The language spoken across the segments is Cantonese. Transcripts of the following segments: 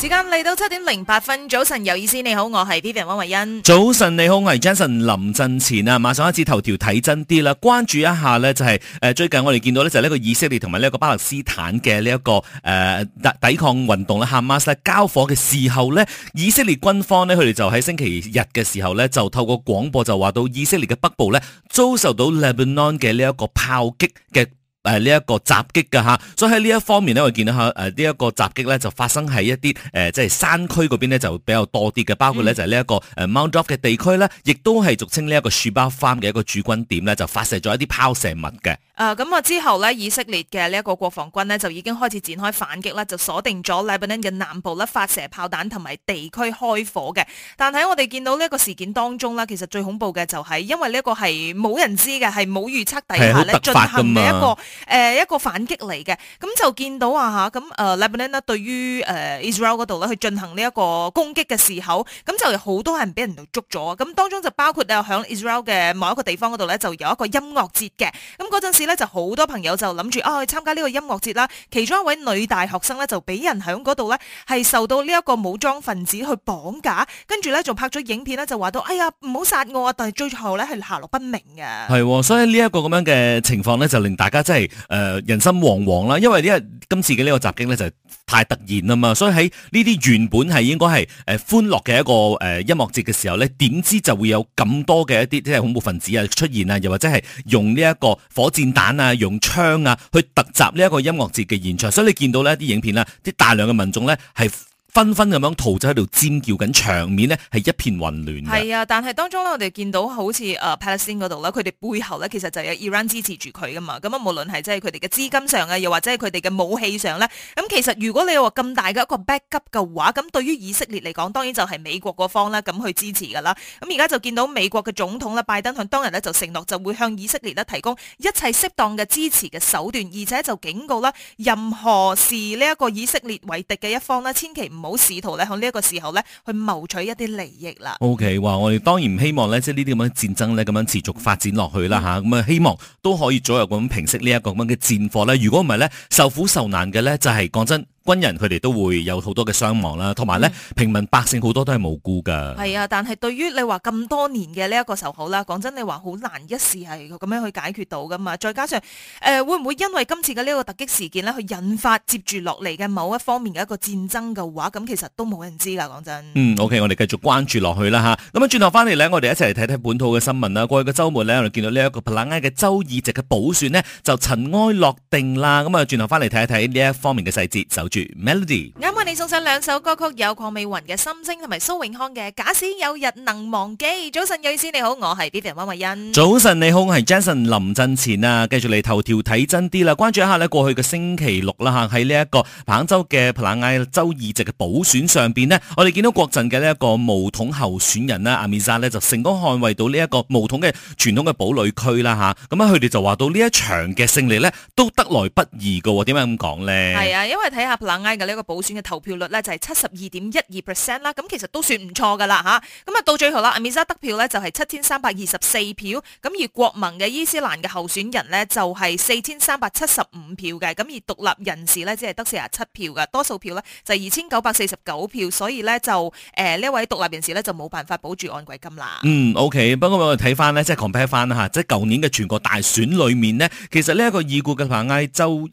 時間嚟到七點零八分，早晨有意思，你好，我係 Vivian 汪惠恩。早晨你好，我係 Jason。林振前啊，馬上開始頭條睇真啲啦，關注一下呢、就是，就係誒，最近我哋見到呢，就係呢個以色列同埋呢個巴勒斯坦嘅呢一個誒、呃、抵抗運動啦，哈馬斯，交火嘅時候呢，以色列軍方呢，佢哋就喺星期日嘅時候呢，就透過廣播就話到以色列嘅北部呢，遭受到 Lebanon 嘅呢一個炮擊嘅。誒呢一個襲擊㗎吓，所以喺呢一方面呢，我見到吓誒呢一個襲擊咧，就發生喺一啲誒、呃、即係山區嗰邊咧，就比較多啲嘅，包括咧、嗯、就係呢一個誒、呃、Mount Dov 嘅地區咧，亦都係俗稱呢一個樹包山嘅一個駐軍點咧，就發射咗一啲拋射物嘅、呃。誒咁啊之後咧，以色列嘅呢一個國防軍呢，就已經開始展開反擊啦，就鎖定咗黎巴嫩嘅南部啦，發射炮彈同埋地區開火嘅。但喺我哋見到呢一個事件當中呢，其實最恐怖嘅就係因為呢一個係冇人知嘅，係冇預測底下咧進行嘅一個。誒、呃、一個反擊嚟嘅，咁就見到啊嚇，咁、呃、誒 Lebanon 對於、呃、Israel 嗰度咧去進行呢一個攻擊嘅時候，咁就好多人俾人哋捉咗，咁當中就包括咧響 Israel 嘅某一個地方嗰度咧就有一個音樂節嘅，咁嗰陣時咧就好多朋友就諗住啊去參加呢個音樂節啦，其中一位女大學生咧就俾人響嗰度咧係受到呢一個武裝分子去綁架，跟住咧仲拍咗影片咧就話到，哎呀唔好殺我啊，但係最後咧係下落不明嘅。係喎、哦，所以呢一個咁樣嘅情況咧就令大家真係。誒、呃，人心惶惶啦，因為呢，今次嘅呢個襲擊呢就是、太突然啦嘛，所以喺呢啲原本係應該係誒歡樂嘅一個誒、呃、音樂節嘅時候呢，點知就會有咁多嘅一啲即係恐怖分子啊出現啊，又或者係用呢一個火箭彈啊，用槍啊去突襲呢一個音樂節嘅現場，所以你見到呢啲影片啦啲大量嘅民眾呢係。紛紛咁樣逃走喺度尖叫緊，場面呢係一片混亂。係啊，但係當中呢，我哋見到好似誒 Palestine 嗰度咧，佢哋背後呢，其實就有 Iran 支持住佢噶嘛。咁啊，無論係即係佢哋嘅資金上啊，又或者係佢哋嘅武器上呢。咁其實如果你話咁大嘅一個 backup 嘅話，咁對於以色列嚟講，當然就係美國嗰方咧咁去支持㗎啦。咁而家就見到美國嘅總統啦，拜登向當日呢就承諾就會向以色列呢提供一切適當嘅支持嘅手段，而且就警告啦，任何是呢一個以色列為敵嘅一方呢，千祈唔好。唔好試圖咧，喺呢一個時候咧，去謀取一啲利益啦。OK，哇！我哋當然唔希望咧，即係呢啲咁樣嘅戰爭咧，咁樣持續發展落去啦吓，咁啊、嗯，希望都可以左右咁平息呢一個咁樣嘅戰火咧。如果唔係咧，受苦受難嘅咧、就是，就係講真。軍人佢哋都會有好多嘅傷亡啦，同埋咧平民百姓好多都係無辜噶。係啊，但係對於你話咁多年嘅呢一個仇口啦，講真你話好難一時係咁樣去解決到噶嘛。再加上誒，會唔會因為今次嘅呢個突擊事件咧，去引發接住落嚟嘅某一方面嘅一個戰爭嘅話，咁其實都冇人知啦。講真。嗯，OK，我哋繼續關注落去啦嚇。咁啊，轉頭翻嚟咧，我哋一齊嚟睇睇本土嘅新聞啦。過去嘅週末咧，我哋見到呢一個布拉啞嘅州議席嘅補選咧，就塵埃落定啦。咁啊，轉頭翻嚟睇一睇呢一方面嘅細節，就轉。melody 啱你送上兩首歌曲，有鄺美雲嘅《心聲》同埋蘇永康嘅《假使有日能忘記》。早晨，有意思，你好，我係 Diane 汪慧欣。早晨你好，我係 Jason 林振前啊！繼續嚟頭條睇真啲啦，關注一下過過去嘅星期六啦吓，喺呢一個彭州嘅彭艾州議席嘅補選上邊呢，我哋見到國陣嘅呢一個巫統候選人啦，阿米沙呢就成功捍衛到呢一個巫統嘅傳統嘅堡壘區啦吓。咁啊，佢哋就話到呢一場嘅勝利呢都得來不易噶。點解咁講呢？係啊，因為睇下。冷嗌嘅呢一個補選嘅投票率咧就係七十二點一二 percent 啦，咁其實都算唔錯噶啦嚇，咁啊到最後啦，阿米沙得票咧就係七千三百二十四票，咁而國民嘅伊斯蘭嘅候選人咧就係四千三百七十五票嘅，咁而獨立人士咧只係得四十七票嘅，多數票咧就係二千九百四十九票，所以咧就誒呢一位獨立人士咧就冇辦法保住按季金啦。嗯，OK，不過我哋睇翻咧即係 compare 翻啦嚇，即係舊年嘅全國大選裡面咧，其實呢一個已故嘅冷嗌州誒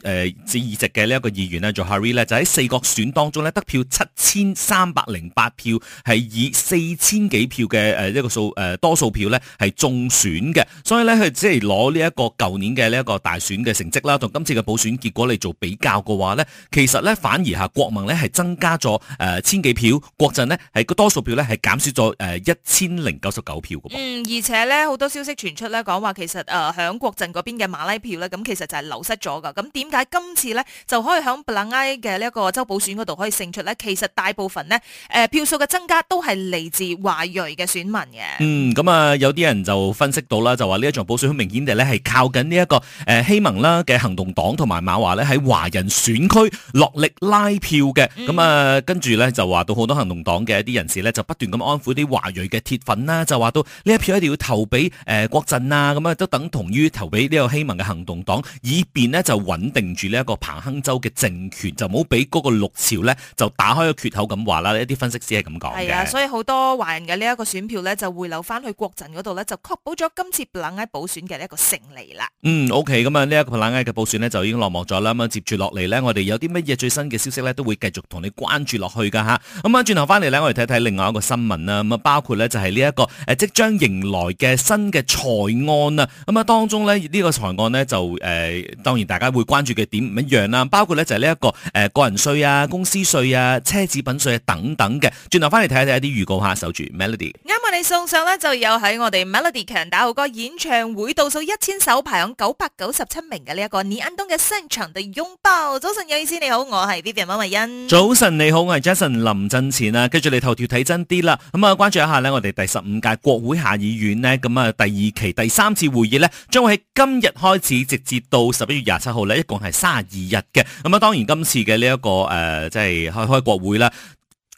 議席嘅呢一個議員咧就 Harry。就喺四國選當中咧得票七千三百零八票，係以四千幾票嘅誒一個數誒、呃、多數票咧係中選嘅，所以咧佢只係攞呢一個舊年嘅呢一個大選嘅成績啦，同今次嘅補選結果嚟做比較嘅話咧，其實咧反而嚇國盟咧係增加咗誒、呃、千幾票，國陣呢係個多數票咧係減少咗誒一千零九十九票嘅。嗯，而且咧好多消息傳出咧講話其實誒響、呃、國陣嗰邊嘅馬拉票咧，咁其實就係流失咗噶。咁點解今次咧就可以響布拉埃嘅呢一個州補選嗰度可以勝出咧，其實大部分呢誒票數嘅增加都係嚟自華裔嘅選民嘅。嗯，咁啊有啲人就分析到啦，就話呢一場補選好明顯地咧係靠緊呢一個誒希、呃、盟啦嘅行動黨同埋馬華咧喺華人選區落力拉票嘅。咁啊、嗯嗯嗯、跟住咧就話到好多行動黨嘅一啲人士咧就不斷咁安撫啲華裔嘅鐵粉啦，就話到呢一票一定要投俾誒郭鎮啊，咁啊都等同於投俾呢個希盟嘅行動黨，以便呢就穩定住呢一個彭亨州嘅政權就。唔好俾嗰個綠潮咧，就打開個缺口咁話啦。一啲分析師係咁講嘅。係啊，所以好多華人嘅呢一個選票咧，就回流翻去國陣嗰度咧，就確保咗今次比冷宜補選嘅呢一個勝利啦。嗯，OK，咁、嗯、啊、這個、呢一個比冷宜嘅補選咧就已經落幕咗啦。咁、嗯、啊接住落嚟呢，我哋有啲乜嘢最新嘅消息呢，都會繼續同你關注落去噶吓。咁啊轉頭翻嚟呢，我哋睇睇另外一個新聞啦。咁、嗯、啊包括呢，就係呢一個誒即將迎來嘅新嘅財案啊。咁、嗯、啊當中呢，呢、這個財案呢，就誒、呃、當然大家會關注嘅點唔一樣啦。包括呢，就係呢一個誒。呃個人稅啊、公司稅啊、奢侈品稅、啊、等等嘅，轉頭翻嚟睇一睇一啲預告下守住 Melody。啱我哋送上呢就有喺我哋 Melody 強打號歌演唱會倒數一千首排行九百九十七名嘅呢一個尼安東嘅《深情地擁抱》。早晨，有意思你好，我係 Vivian 馬慧欣。早晨你好，我係 Jason 林振前、啊、繼續啦。跟住你頭條睇真啲啦，咁啊關注一下呢我哋第十五屆國會下議院呢。咁、嗯、啊第二期第三次會議呢，將會喺今日開始，直至到十一月廿七號呢，一共係三十二日嘅。咁、嗯、啊，當然今次嘅。呢一個誒，即係開開國會啦。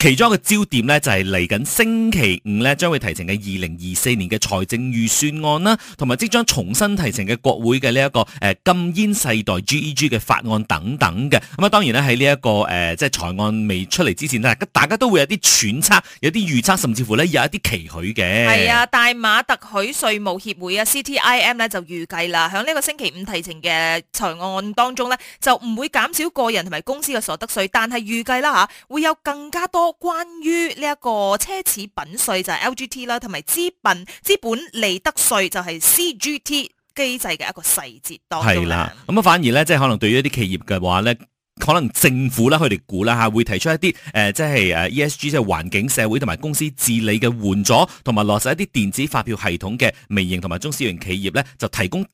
其中一個焦點呢，就係嚟緊星期五呢將會提呈嘅二零二四年嘅財政預算案啦，同埋即將重新提呈嘅國會嘅呢一個禁煙世代 GEG 嘅法案等等嘅。咁啊，當然呢、這個，喺呢一個誒即係財案未出嚟之前，大家都會有啲揣測，有啲預測，甚至乎呢有一啲期許嘅。係啊，大馬特許稅務協會啊 CTIM 呢就預計啦，響呢個星期五提呈嘅財案當中呢，就唔會減少個人同埋公司嘅所得稅，但係預計啦嚇、啊、會有更加多。關於呢一個奢侈品稅就係 LGT 啦，同埋資本資本利得稅就係 CGT 機制嘅一個細節多啲啦。咁啊、嗯，反而咧，即係可能對於一啲企業嘅話咧，可能政府咧，佢哋估啦，吓，會提出一啲誒、呃，即係誒 ESG、呃、即係環境、社會同埋公司治理嘅援助，同埋落實一啲電子發票系統嘅微型同埋中小型企業咧，就提供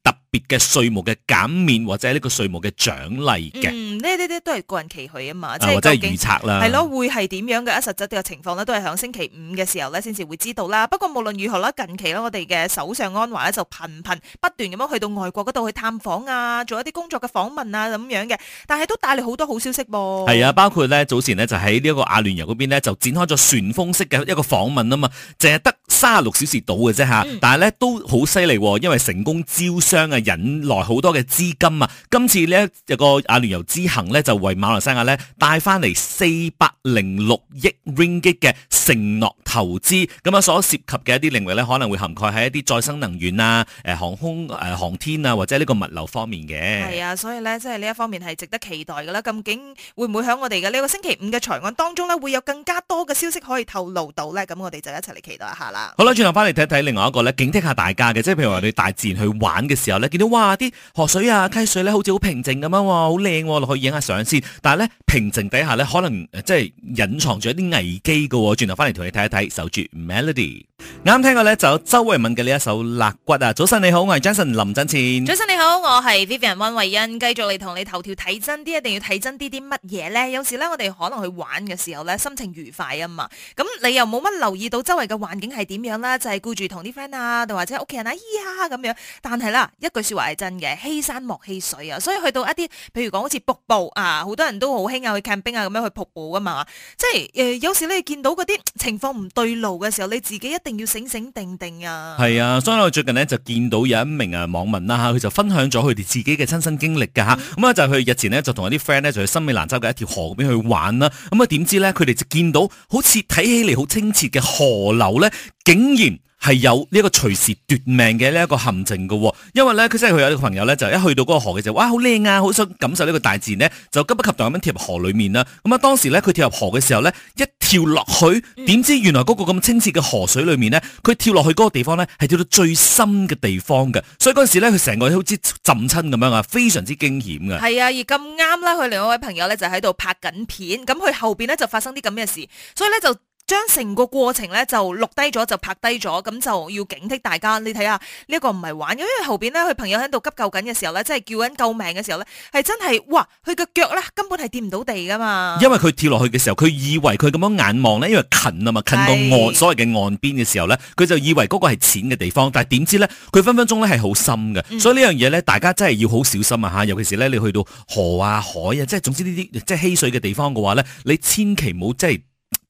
別嘅稅務嘅減免或者呢個稅務嘅獎勵嘅，嗯，呢呢啲都係個人期許啊嘛，即係或者係預測啦，係咯，會係點樣嘅？一實際呢個情況咧，都係響星期五嘅時候咧，先至會知道啦。不過無論如何啦，近期咧，我哋嘅首相安華咧就頻頻不斷咁樣去到外國嗰度去探訪啊，做一啲工作嘅訪問啊咁樣嘅，但係都帶嚟好多好消息噃。係啊，包括咧，早前咧就喺呢一個阿聯酋嗰邊咧就展開咗旋風式嘅一個訪問啊嘛，淨係得。三十六小時到嘅啫吓，但係咧都好犀利，因為成功招商啊，引來好多嘅資金啊。今次呢有個阿聯酋之行呢，就為馬來西亞咧帶翻嚟四百零六億 Ringgit 嘅承諾投資，咁啊所涉及嘅一啲領域呢，可能會涵蓋喺一啲再生能源啊、誒航空誒航天啊或者呢個物流方面嘅。係啊，所以呢，即係呢一方面係值得期待㗎喇。究竟會唔會喺我哋嘅呢個星期五嘅財案當中呢，會有更加多嘅消息可以透露到呢？咁我哋就一齊嚟期待一下。好啦，轉頭翻嚟睇一睇另外一個咧，警惕下大家嘅，即係譬如話你大自然去玩嘅時候咧，見到哇啲河水啊溪水咧，好似好平靜咁樣，哇好靚，落去影下相先。但係咧平靜底下咧，可能即係隱藏住一啲危機噶。轉頭翻嚟同你睇一睇，守住 Melody。啱聽過咧就有周慧敏嘅呢一首肋骨啊。早晨你好，我係 Jason 林振前。早晨你好，我係 Vivian 温慧欣。繼續嚟同你頭條睇真啲，一定要睇真啲啲乜嘢咧？有時咧我哋可能去玩嘅時候咧，心情愉快啊嘛，咁你又冇乜留意到周圍嘅環境係。點樣啦，就係顧住同啲 friend 啊，又或者屋企人啊，咿呀咁樣。但係啦，一句說話係真嘅，欺山莫欺水啊。所以去到一啲，譬如講好似瀑布啊，好多人都好興啊，去 camping 啊，咁樣去瀑布㗎嘛。即係誒、呃，有時你見到嗰啲情況唔對路嘅時候，你自己一定要醒醒定定啊。係啊，所以我最近呢就見到有一名啊網民啦、啊、吓，佢就分享咗佢哋自己嘅親身經歷噶吓。咁啊、嗯嗯、就佢、係、日前呢，就同一啲 friend 呢就去深美蘭州嘅一條河邊去玩啦、啊。咁啊點知呢？佢哋就見到好似睇起嚟，好清澈嘅河流呢。竟然係有呢個隨時奪命嘅呢一個陷阱嘅，因為呢，佢真係佢有一個朋友呢，就一去到嗰個河嘅時候，哇，好靚啊，好想感受呢個大自然呢，就急不及待咁樣跳入河裏面啦。咁、嗯、啊，當時呢佢跳入河嘅時候呢，一跳落去，點知原來嗰個咁清澈嘅河水裏面呢，佢跳落去嗰個地方呢，係跳到最深嘅地方嘅，所以嗰陣時呢佢成個好似浸親咁樣啊，非常之驚險嘅。係啊，而咁啱呢，佢另外一位朋友呢，就喺度拍緊片，咁佢後邊呢，就發生啲咁嘅事，所以呢，就。將成個過程咧就錄低咗，就拍低咗，咁就要警惕大家。你睇下呢個唔係玩嘅，因為後邊咧佢朋友喺度急救緊嘅時候咧，即係叫緊救命嘅時候咧，係真係哇！佢個腳咧根本係掂唔到地噶嘛。因為佢跳落去嘅時候，佢以為佢咁樣眼望咧，因為近啊嘛，近到岸，是所謂嘅岸邊嘅時候咧，佢就以為嗰個係淺嘅地方，但係點知咧，佢分分鐘咧係好深嘅。所以呢樣嘢咧，大家真係要好小心啊吓，尤其是咧你去到河啊海啊，即係總之呢啲即係溪水嘅地方嘅話咧，你千祈唔好即係。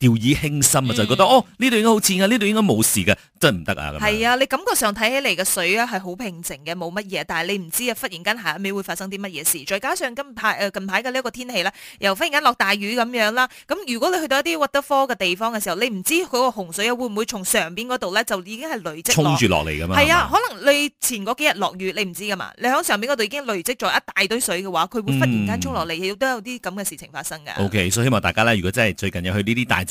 掉以輕心啊，就覺得哦呢度應該好淺嘅，呢度應該冇事嘅，真係唔得啊！咁樣係啊，你感覺上睇起嚟嘅水啊係好平靜嘅，冇乜嘢，但係你唔知啊，忽然間下一秒會發生啲乜嘢事。再加上今排誒近排嘅呢一個天氣咧，又忽然間落大雨咁樣啦。咁如果你去到一啲鬱得慌嘅地方嘅時候，你唔知嗰個洪水啊會唔會從上邊嗰度咧就已經係累積沖住落嚟㗎嘛？係啊，可能你前嗰幾日落雨，你唔知㗎嘛？你喺上邊嗰度已經累積咗一大堆水嘅話，佢會忽然間沖落嚟，亦都有啲咁嘅事情發生㗎。OK，所以希望大家咧，如果真係最近有去呢啲大。